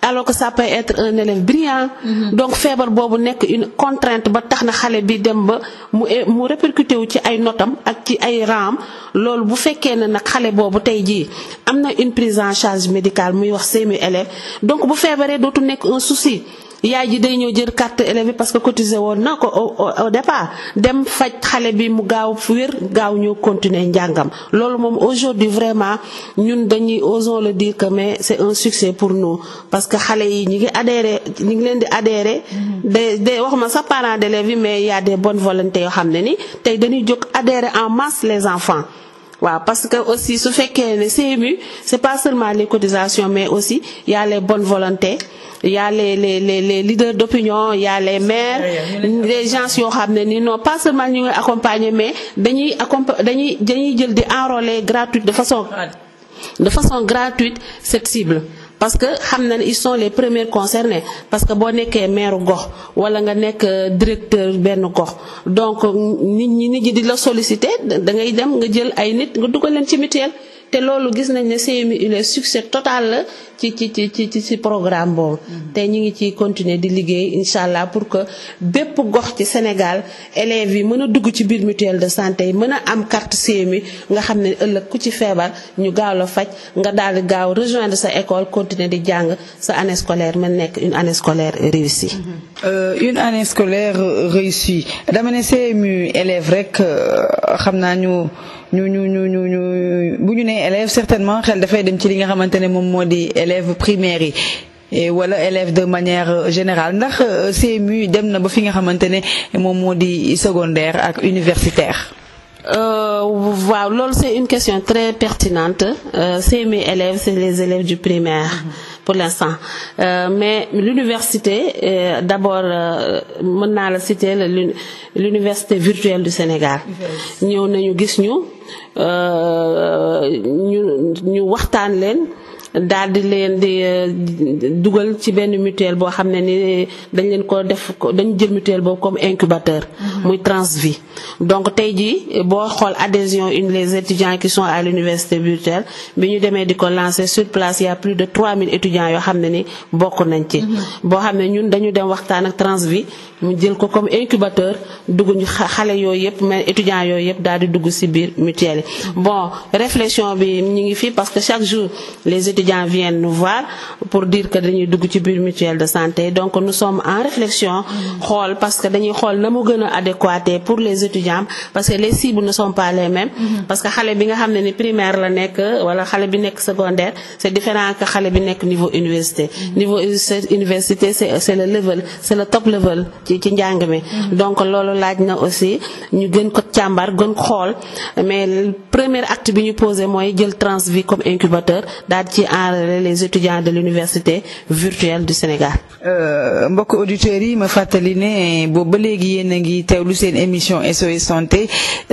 alors que ça peut être un élève brillant. Mm-hmm. donc feebar boobu nekk une contrainte ba tax na xale bi dem ba mu e-, mu répercuté wu ci ay notam ak ci ay raam loolu bu fekkee ne nag xale boobu tey jii am na une prise en charge médicale muy wax seeni élève donc bu feebaree dootu nekk un souci. yaay ji day ñëw jël carte élève parce que cotiser woon na ko au départ dem faj xale bi mu gaaw wér gaaw ñoo continuer njàngam loolu moom aujourd'hui vraiment ñun dañuy osons le dire que mais c'est un succès pour nous parce que xale yi ñi ngi adhéré ñi ngi leen di adhéré de mm-hmm. de waxuma sax parents d'élèves yi mais y a des bonnes volontés yoo xam ne ni tey dañuy jóg adhérer en masse les enfants waaw parce que aussi su fekkee ne CMU c'est pas seulement mais aussi a les bonnes volontés il y a les les les les leaders d'opinion il les maires yoo xam ne nii non pas seulement ñu ngi accompagner mais dañuy accompagner dañuy dañuy jël di enrôler gratuite de façon de façon gratuite cette parce que xam na ne ils sont les premiers concernés parce que boo nekkee maire gox wala nga nekk euh, directeur benn gox donc euh, nit ñi nit ñi di la solliciter da ngay dem nga jël ay nit nga dugal leen ci mutuelle te loolu gis nañ ne CMU il succès total la ci ci ci ci ci programme boobu mhm. te ñu ngi ci continuer di liggéey incha allah pour que bépp gox ci Sénégal élèves yi mën a dugg ci biir mutuelle de santé yi mën a am carte CMU nga xam ne ëllëg ku ci feebar ñu gaaw la faj nga daal di gaaw rejoindre sa école continuer di jàng sa année scolaire mën nekk une année scolaire réussie. Mhm. Euh, une année scolaire réussie dama ne CMU élèves rek euh, xam naa ñu. ñu ñu ñu ñu ñu bu ñu nee élève certainement xel dafay dem ci li nga moo di élèves primaires yi wala élèves de manière générale ndax euh, CMU dem na ba fi nga xamante ne moom moo di secondaire ak universitaire Euh, waaw loolu c'est une question très pertinente euh, c'est mes élèves c'est les élèves du primaire mm -hmm. pour l'instant euh, mais l'université euh, d'abord euh, mën naa la citer l'université virtuelle du Sénégal ñëw nañu gis ñu ñu waxtaan leen daal di leen di eh, dugal ci benn mutuelle boo xam ne ni dañ leen ko def dañu jël mutuelle boobu comme incubateur. Mhm. muy Transvie donc tey jii boo xool adhésion une les étudiants qui sont à l'université virtuelle bi ñu demee di ko lancer sur place il y a plus de 3000 étudiants yoo xam ne ni bokk nañ ci. Mhm. boo xam ne ñun dañu dem waxtaan ak Transvie mu jël ko comme incubateur dugg ñu xale yooyu yëpp mais étudiants yooyu yëpp daal di dugg ci biir mutuelle yi bon réflexion bi ñu ngi fii parce que chaque jour les étudiants viennent nous voir pour dire que dañuy dugg ci biir mutuelle de santé donc nous sommes en réflexion xool parce que dañuy xool na mu gën a adéquaté pour les étudiants parce que les cibles ne sont pas les mm-hmm. parce que xale bi nga xam ne ni primaire la nekk wala xale bi nekk secondaire c'est différent xale bi nekk niveau université mm-hmm. niveau université c'est le level c'est le top level ci ci njàng mi donc loolu laaj na aussi ñu gën ko càmbar gën xool mais premier act bi ñu posé mooy jël Transvi comme incubateur daal ci enrôler les étudiants de l'université virtuelle du Sénégal euh, mbokk auditeurs yi ma fàttali ne boobu ba léegi yéen a ngi lu seen émission SOS santé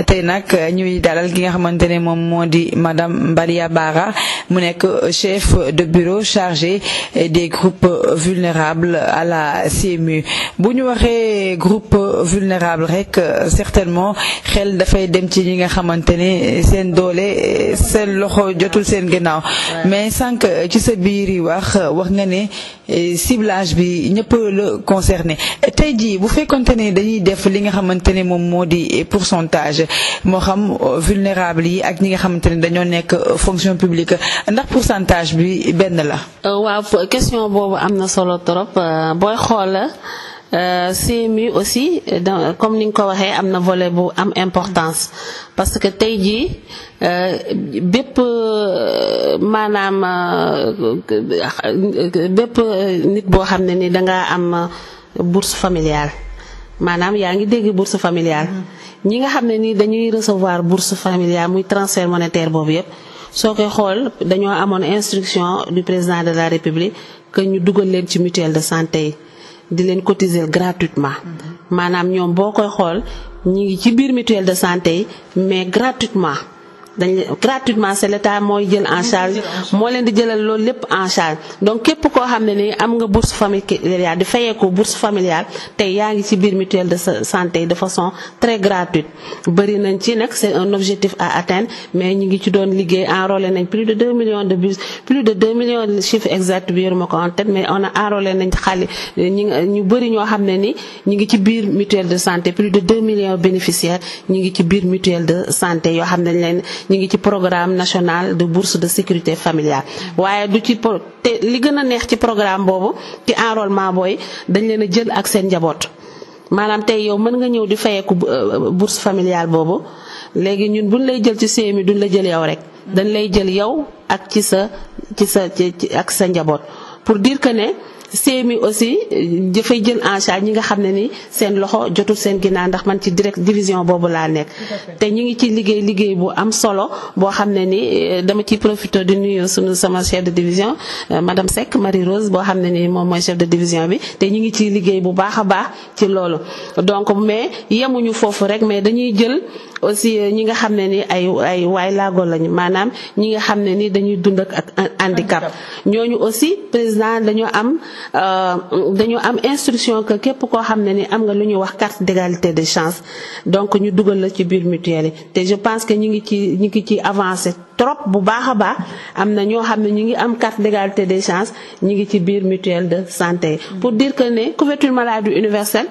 tey nag ñuy dalal ki nga xamante ne moom moo di madame Mbalia Bara mu nekk chef de bureau chargé des groupes vulnérable à la CMU bu ñu waxee waxee groupe vulnérable rek euh, certainement xel dafay dem ci ñi nga xamante ne seen doole seen loxo jotul seen ginnaaw mais sànq euh, ci sa biir yi wax euh, wax nga ne ciblage bi ñëpp la concerné tey jii bu fekkante ne dañuy def li nga xamante ne moom moo di pourcentage moo xam vulnérable yi ak ñi nga xamante ne dañoo nekk fonction publique ndax pourcentage bi benn la waaw question boobu am na solo trop booy xool Euh, CMU aussi dans comme ni nga ko waxee am na volet bu am importance parce que tey jii euh, bépp euh, maanaam bépp nit boo xam ne ni dangaa am bourse familiale maanaam yaa ngi dégg bourse familiale mm-hmm. ñi nga xam ne ni dañuy recevoir bourse familiale muy transfert monétaire boobu yépp soo koy xool dañoo amoon instruction du président de la république que ñu dugal leen ci mutuelle de santé yi di leen cotiser gratuitement mhm. maanaam ñoom boo koy xool ñi ngi ci biir mutuelle de santé yi mais gratuitement dañu gratuitement c'est l'état mooy jël en charge moo leen di jëlal loolu lépp en charge donc képp koo xam ne ni am nga bourse familiale di fayeeku bourse familiale tey yaa ngi ci biir mutuel de santé de façon très gratuite nañ ci nag c'est un objectif à mais ñi ngi ci doon liggéey enrôlé nañ plus de 2 millions de bus plus de 2 millions de chiffres exacts bi yoruma ko en tête mais on ñu bëri ñoo xam ne ni ñi ngi ci biir mutuelle de santé plus de 2 millions bénéficiaires ñi ngi ci biir mutuelle de santé yoo xam ne leen ñu ngi ci programme national de bourse de sécurité familiale waaye du ci te li gën a neex ci programme boobu ci enrôlement booy dañ leen a jël ak seen njaboot maanaam tey yow mën nga ñëw di fayeeku euh, bourse familiale boobu léegi ñun buñ lay jël ci CMU duñ la jël yow rek dañ lay jël yow ak ci sa ci sa ci ak sa njaboot pour dire que ne CMU aussi dafay jël en charge ñi nga xam ne ni seen loxo jotul seen ginnaaw ndax man ci direct division boobu laa nekk te ñu ngi ci liggéey liggéey bu am solo boo xam ne ni eh, dama ciy profité di nuyu suñu sama chef de division eh, madame Seck Marie Rose boo xam ne ni moom mooy chef de division bi te ñu ngi ciy liggéey bu baax a baax ci loolu donc mais yemuñu foofu rek mais dañuy jël aussi ñi nga xam ne ni ay ay waay laago lañu maanaam ñi nga xam ne ni dañuy dund ak handicap ñooñu aussi président dañoo am euh, dañoo am instruction que képp koo xam ne ni am nga lu ñuy wax carte d'égalité de chance donc ñu dugal la ci biir mutuelle yi te je pense que ñu ngi ci ñu ngi ci avancé trop bu baax a baax am na ñoo xam ne ñu ngi am carte d'égalité des chances ñu ngi ci biir mutuelle de santé pour dire que ne couverture maladie universelle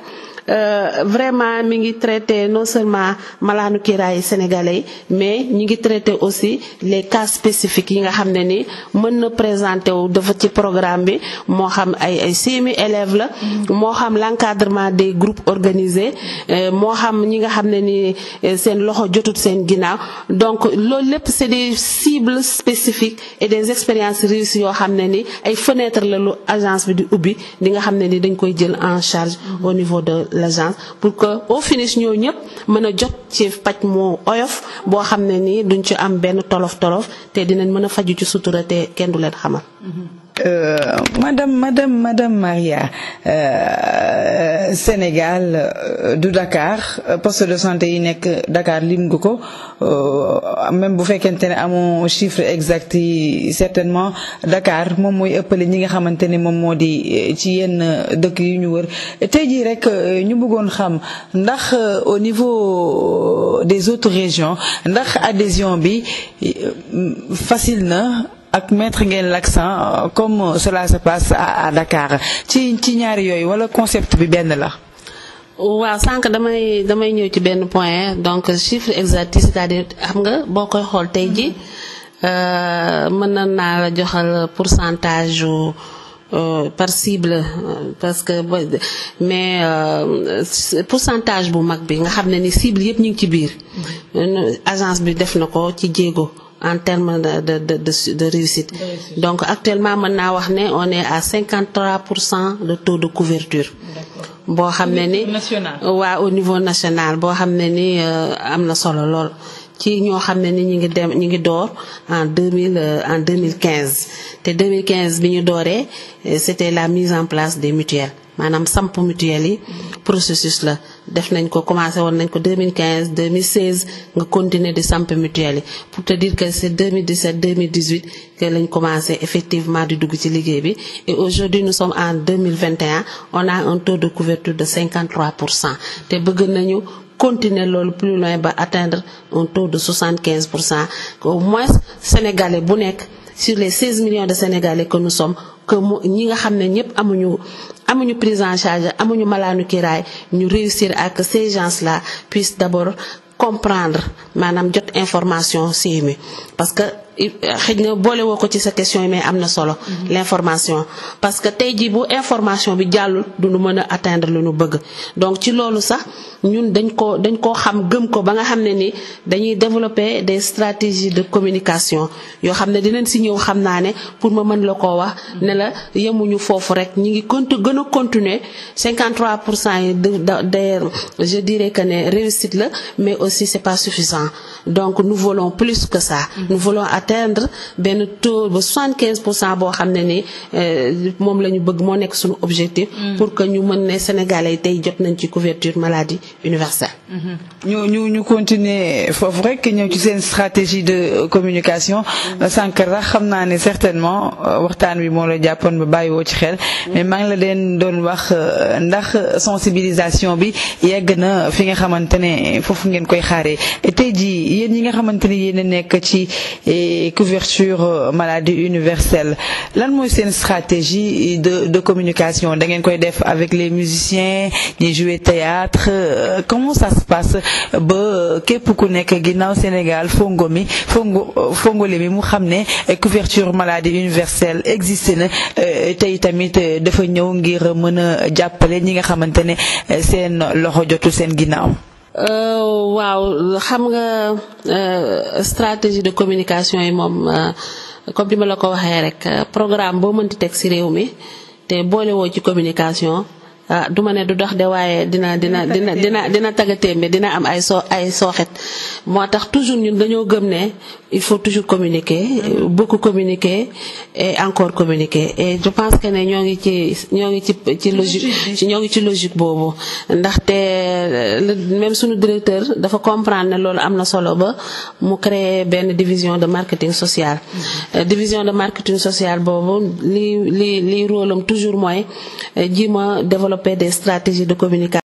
Euh, vraiment mi ngi traité non seulement malaanu kiiraayu sénégalais mais ñi ngi traité aussi les cas spécifiques yi nga xam ne ni mën na présenté wu dafa ci programme bi moo xam ay ay seemi élèves la mm-hmm. moo xam l'encadrement des groupes organisés euh, moo xam ñi nga xam ne ni euh, seen loxo jotut seen ginnaaw donc loolu lépp c'est des cibles spécifiques et des expériences réussies yoo xam ne ni ay fenêtre la lu agence bi di ubbi di nga xam ne ni dañ koy jël en charge mm-hmm. au niveau de l'agence pour que au finish ñoo ñëpp mën a jot ci paj moo oyof boo xam ne nii duñ ci am benn tolof tolof te dinañ mën a faju ci sutura te kenn du leen xamal mm-hmm. Euh, madame madame madame Maria euh, Sénégal euh, du Dakar euh, poste de santé yi nekk dakaar lim nga ko euh, même bu fekkente ne amoo chiffre exact yi certainement dakaar moom mooy ëppale ñi nga xamante ni moom moo di euh, ci yenn dëkk yu ñu wër tey jii rek ñu bëggoon xam ndax au niveau des autres régions ndax adhésion bi facile na. ak mettre ngeen l'accent euh, comme euh, cela se passe à Dakar ci ci ñaari yooyu wala concept bi benn la. waaw sànq damay damay ñëw ci benn point donc chiffre exact cest xam nga boo koy xool tey ji mm-hmm. euh, mën na naa la joxal pourcentage yu par cible parce que mais pourcentage bu mag bi nga xam ne ni cible yépp ñu ngi ci biir mm-hmm. agence bi def na ko ci jéego. en termes de de de de, de réussite. donc actuellement mën naa wax ne on est à 53 pour cent de taux de couverture. boo xam ne ni waa au niveau national boo xam ne ni euh, am na solo lool. ci ñoo xam ne ni ñu ngi dem ñu ngi door en deux mille euh, en deux mille quinze te deux mille quinze bi ñu dooree euh, c'était la mise en place des mutuel maanaam samp mutuelles yi mm-hmm. processus la. def nañ ko commencé woon nañ ko deux mille 2016 nga continuer di samp mutuelle yi pour te dire que c'est 2017 2018 que lañ commencé effectivement di dugg ci liggéey bi et aujourd'hui nous sommes en 2021 on a un taux de couverture de 53 pour cent te bëgg nañu continuer loolu plus loin ba atteindre un taux de quinze pour cent au moins sénégalais bu nekk sur les 16 millions de sénégalais que nous sommes que mu ñi nga xam ne ñëpp amuñu amuñu prise en charge amuñu malaanu kiraay ñu réussir ak ces la là puissent d'abord comprendre maanaam jot information CMU parce xëj na boole woo ko ci sa question yi mais am na solo mhm. l'information parce que tey jii bu information bi jàllul duñu mën a atteindre lu nu bëgg donc ci loolu sax ñun dañ ko dañ koo xam gëm ko ba nga xam ne ni dañuy développer des stratégies de communication yoo xam ne dinañ si ñëw xam naa ne pour ma mën la koo wax ne la yemuñu foofu rek ñi ngi conti gën a continuer 53 pour cent yi d'ailleurs je dirais que ne réussite la mais aussi c'est pas suffisant donc nous voulons plus que ça mhm. nous atteindre benn taux ba soixante pour cent boo xam ne ni euh, moom la ñu bëgg moo nekk suñu objectif. Mm. pour que ñu mën ne Sénégalais tey jot nañ ci couverture maladie universelle. Mm-hmm. ñu ñu ñu continuer foofu rek ñëw ci seen stratégie de communication. Mm. Sankara xam naa ne certainement euh, waxtaan wi moo la jàppoon ba bàyyiwoo ci xel. Mm. mais maa ngi la leen doon wax euh, ndax sensibilisation bi yegg na fi nga xamante ne foofu ngeen koy xaaree tey jii yéen ñi nga xamante ne nekk ci. Eh, et couverture euh, maladie universelle lan mooy seen stratégie de de communication da ngeen koy def avec les musiciens ñi jouer théâtre euh, comment ça se passe ba euh, képp ku nekk ginnaaw Sénégal fongo mi fongo fongole mi mu xam ne couverture maladie universelle existe na tey tamit dafa ñëw ngir mën a jàppale ñi nga xamante ne seen loxo jotul seen ginnaaw Euh, waaw xam nga euh, stratégie de communication yi moom euh, comme ni ma la ko waxee rek programme boo mënti teg ci réew mi te boolewoo ci communication ah du ma ne du dox de waaye dina dina dina dina dina tagatémbe dina am ay soo ay sooxet moo tax toujours ñun dañoo gëm ne il faut toujours communiquer beaucoup communiquer encore communiquer et je pense que ne ñoo ngi ci ñoo ngi ci ci logique ñoo ngi ci logique boobu ndaxte euh, même suñu directeur dafa comprendre ne loolu am na solo ba mu créer benn division de marketing social mm-hmm. euh, division de marketing social boobu li li li rôlam toujours mooy euh, ji ma développer développer des de communication